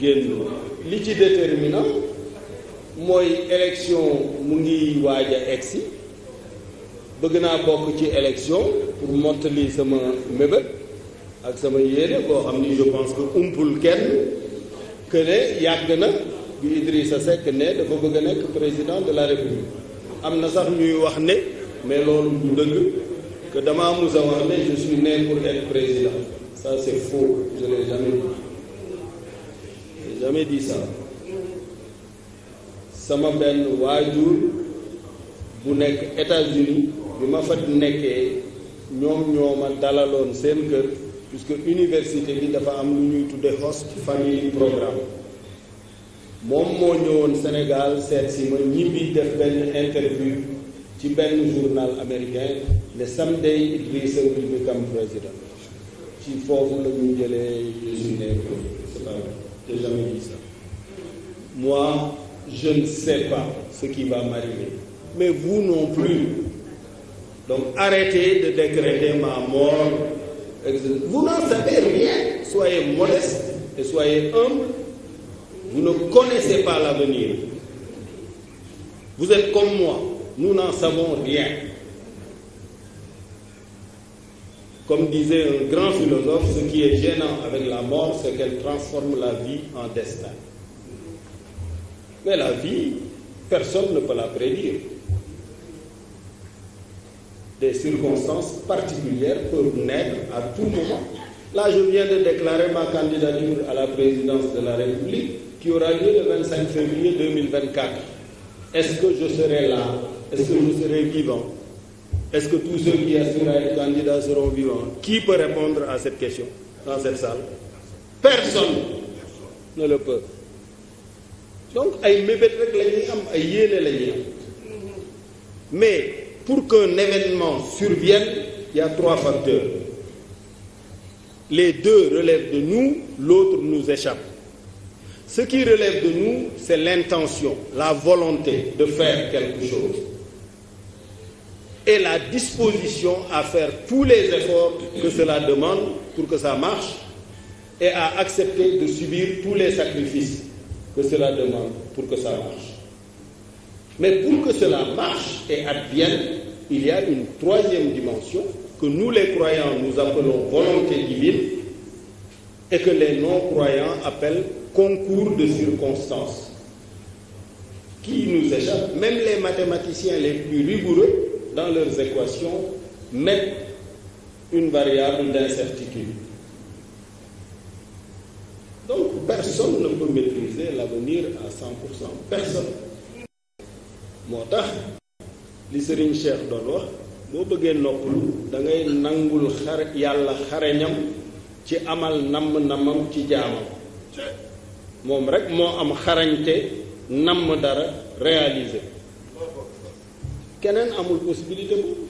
génn li ci déterminant mooy élection mu ngi waaja egsi bëgg naa bokk ci élection pour mottali sama mébét ak sama yéene boo xam ni je pense que umpul kenn que ne yàgg na bi Idrissa Seck ne dafa bëgg a nekk président de la République am na sax ñuy wax ne mais loolu du dëgg que dama mus a wax ne je suis né pour président ça c'est faux je l'ai jamais j'ai jamais sama benn waajur bu nekk États-Unis bi ma fa nekkee ñoom ñoo ma dalaloon seen kër puisque université bi dafa am lu ñuy tudde host family programme moom moo ñëwoon Sénégal seet si ma ñibbi def benn interview ci benn journal américain ne someday Idrissa will become ci foofu la ñuy jëlee suñu nekk J'ai jamais dit ça. Moi, je ne sais pas ce qui va m'arriver. Mais vous non plus. Donc arrêtez de décréter ma mort. Vous n'en savez rien. Soyez modeste et soyez humble. Vous ne connaissez pas l'avenir. Vous êtes comme moi. Nous n'en savons rien. Comme disait un grand philosophe, ce qui est gênant avec la mort, c'est qu'elle transforme la vie en destin. Mais la vie, personne ne peut la prédire. Des circonstances particulières peuvent naître à tout moment. Là, je viens de déclarer ma candidature à la présidence de la République qui aura lieu le 25 février 2024. Est-ce que je serai là Est-ce que je serai vivant Est-ce que tous ceux qui assurent à être candidats seront vivants Qui peut répondre à cette question dans cette salle Personne ne le peut. Donc, ay mébét rek la ñuy am ay yéene la mais pour qu'un événement survienne, il y a trois facteurs. Les deux relèvent de nous, l'autre nous échappe. Ce qui relève de nous, c'est l'intention, la volonté de faire quelque chose. et la disposition à faire tous les efforts que cela demande pour que ça marche et à accepter de subir tous les sacrifices que cela demande pour que ça marche. Mais pour que cela marche et advienne, il y a une troisième dimension que nous les croyants nous appelons volonté divine et que les non-croyants appellent concours de circonstances qui nous échappe. Même les mathématiciens les plus rigoureux dans leurs équations, mettent une variable d'incertitude. Donc personne ne peut maîtriser l'avenir à 100%. moo tax li Serigne Cheikh doon wax boo bëggee noppalu da ngay nangul xare yàlla xareñam ci amal namm-namam ci jaamam moom rekk moo am xarañte namm dara réaliser keneen amul possibilité boobu